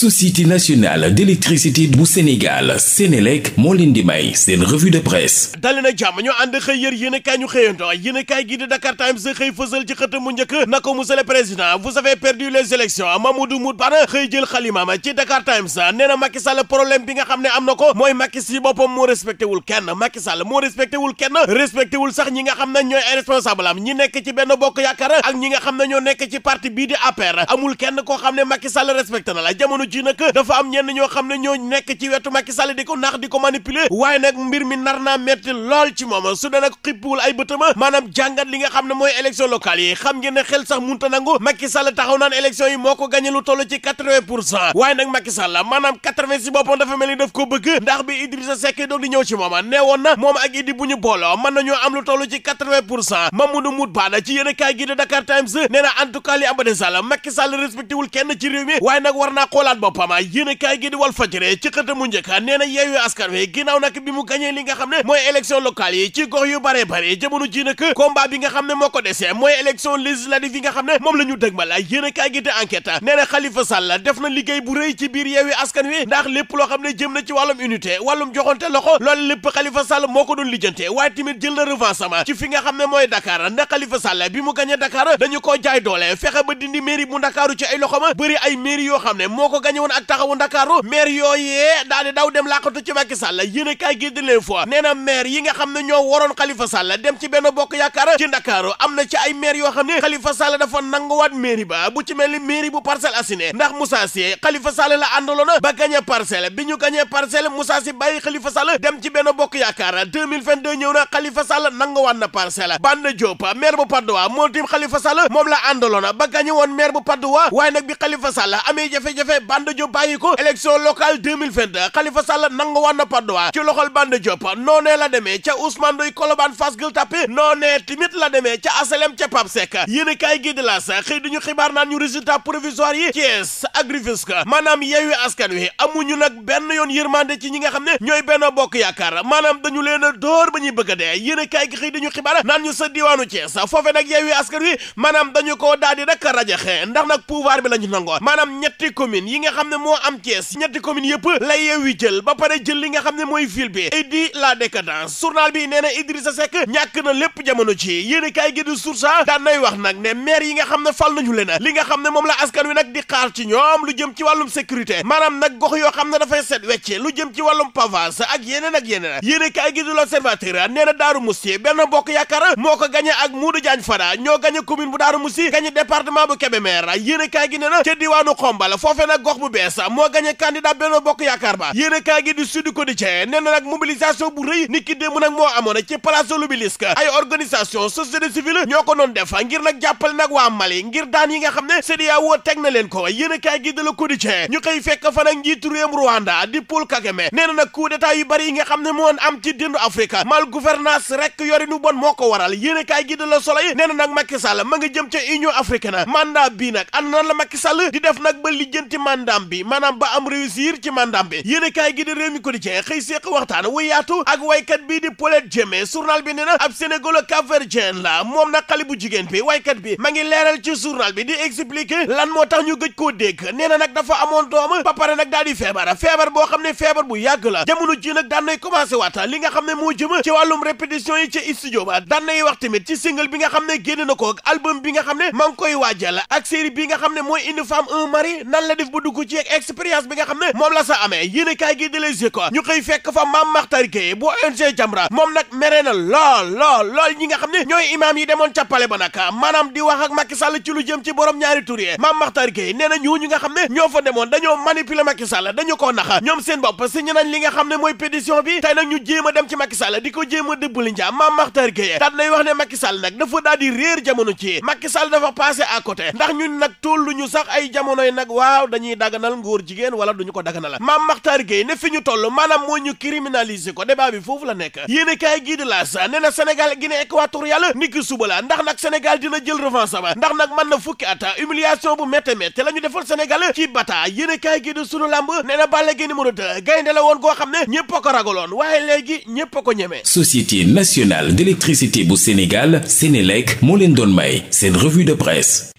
société nationale d'électricité bu Sénégal Sénélec moo leen di may seen revue de presse dali jàmm ñoo ànd xëy yër yéen kaay ñu xëyantoo yéen kaay gi Dakar Times xëy fësal ci xët mu njëkk na ko monsieur le président vous avez perdu les élections Mamadou Moutbane xëy jël xalimaam ci Dakar Times nee na problème bi nga xam ne am na ko mooy Macky si boppam moo respecté wul kenn Macky Sall moo respecté wul kenn respecté sax ñi nga xam na ci nag dafa am ñenn ñoo xam ne ñoo nekk ci wetu Macky Sall di ko nax di ko manipuler waaye nag mbir mi nar naa metti lool ci moom su dee xippuwul ay bëtama maanaam jàngat li nga xam ne mooy élection locale yi xam ngeen ne xel sax munta nangu Macky Sall taxaw naan élection yi moo ko gagné lu toll ci quatre-vingt pour cent waaye nag Macky Sall maanaam quatre-vingt si boppam dafa mel ni daf ko bëgg ndax bi Idrissa Seck doog di ñëw ci moom nee woon na moom ak Idi bu ñu booloo mën a kaay na boppam yéen kaay gi di wal fajëre ci xët mu njëkk nee na yeewu askan wi ginnaaw nag bi mu gañee li nga xam ne mooy élection locale yi ci gox yu bare bare jamono ji nag combat bi nga xam ne moo ko desee mooy élection législative yi nga xam ne moom la ñu dëgmal yéen kaay gi di enquête nee na Khalifa def na liggéey bu rëy ci biir yeewu askan wi ndax lépp loo xam ne jëm na ci wàllum unité wàllum joxante loxo loolu lépp Khalifa Sall moo ko doon lijjante waaye tamit jël mooy Dakar ndax Khalifa Sall bi mu gañee Dakar dañu ko yoo xam ne moo gañe woon ak taxawu ndakaaru maire yooyee daal daw dem làqatu ci Macky Sall yéen kaay gi di leen fois nee na maire yi nga xam ne ñoo waroon Khalifa Sall dem ci benn bokk yaakaar ci ndakaaru am na ci ay maire yoo xam ne Khalifa Sall dafa nanguwaat mairie ba bu ci mel ni mairie bu Parcelles Assainies ndax Moussa Sy Khalifa Sall la àndaloon ba gañe parcelle bi ñu gañe parcelle Moussa Sy bàyyi Khalifa Sall dem ci benn bokk yaakaar 2022 ñëw na Khalifa Sall na parcelle Banda Diop Banda Diop bàyyi ko élection locale 2022 Khalifa Sall nangu woon na Padoa ci loxol Banda Diop noonee la demee ca Ousmane Doy Colobane Fass Gueule noonee tamit la demee ca Asalem ca Pape Seck yéen gi di xëy duñu xibaar naan ñu résultat provisoire yi Thiès ak Rufisque maanaam yeewi askan wi amuñu nag benn yoon yërmande ci ñi nga xam ne ñooy Benno Bokk Yaakaar maanaam dañu leen a dóor ba ñuy bëgg a dee xëy dañu xibaar naan ñu sa diwaanu commune yi yi nga xam ne moo am Thiès ñetti communes yëpp la Yewwi jël ba pare jël li nga xam ne mooy ville bi indi la décadence journal bi nee na Idrissa Seck ñàkk na lépp jamono ci yéen gi di Source A daan nay wax nag ne maire yi nga xam ne fal nañu leen li nga xam ne moom la askan wi nag di xaar ci ñoom lu jëm ci wàllum sécurité maanaam nag gox yoo xam ne dafay set wecc lu jëm ci wàllum pavage ak yeneen ak yeneen yéen kaay gi di L'Observateur nee na Daaru gox bu bees moo gagné candidat Benno Bokk Yaakaar ba yéenekaay gi di Sud Quotidien nee na nag mobilisation bu rëy nit ki nag moo amoon ci place l'Obélisque ay organisation société civile ñoo ko doon def ngir nag jàppale nag waa Mali ngir daan nga xam ne CEDEAO teg na leen ko yéenekaay gi di Le Quotidien ñu koy fekk fa nag njiitu réewum di Paul Kagame nee nag coup d'état yu bari yi nga xam ne moo am ci dëndu Afrique mal gouvernance rek yorinu bon mandaam bi maanaam ba am réussir ci mandaam bi yéene kaay gi di réew xëy séq waxtaan wu yaatu ak waykat bii di Paulette Jémé journal bi nee na ab sénégalo capverdien la moom nag xale bu jigéen bi waykat bi ma ngi leeral ci journal bi di expliquer lan moo tax ñu gëj koo dégg nee nag dafa amoon doom ba nag daal di feebar boo xam ne feebar bu yàgg la jamono ji daan nay commencé waat li nga xam ne moo jëm ci wàllum répétition yi ci studio ba dugg ci expérience bi nga xam ne moom la amee yéen kaay gi di Les ñu koy fekk fa Mame Makhtar Gueye bu ONG Jamra moom nag mere na lool lool lool ñi nga xam ne ñooy imaam yi demoon ca pale ba nag maanaam di wax ak Macky Sall ci lu jëm ci borom ñaari tur yi Mame Makhtar Gueye nee na ñu ñi nga xam ne ñoo fa demoon dañoo manipuler Macky Sall bi tey nag ñu jéem a dem ci Macky di ko jéem a dëbbali njaam Mame Makhtar Gueye daat nay wax ne Macky daganal ngóor jigéen wala duñu ko daganal maam Makhtar Gueye ne fi ñu toll maanaam mooy ñu criminaliser ko débat bi foofu la nekk yéen i kaay gii de laas nee na Sénégal Guinée équatoriale niki suba la ndax nag Sénégal dina jël revanche sama ndax nag man na fukki at humiliation bu métte métte la ñu defoon Sénégal ci bata yéen i kaay sunu lamb nee na Balla Gaye numéro 2 gaynde la woon koo xam ne ñëpp a ko ragaloon waaye léegi ñëpp a ko ñemee Société nationale d'électricité bu Sénégal Sénélec moo leen doon may seen revue de presse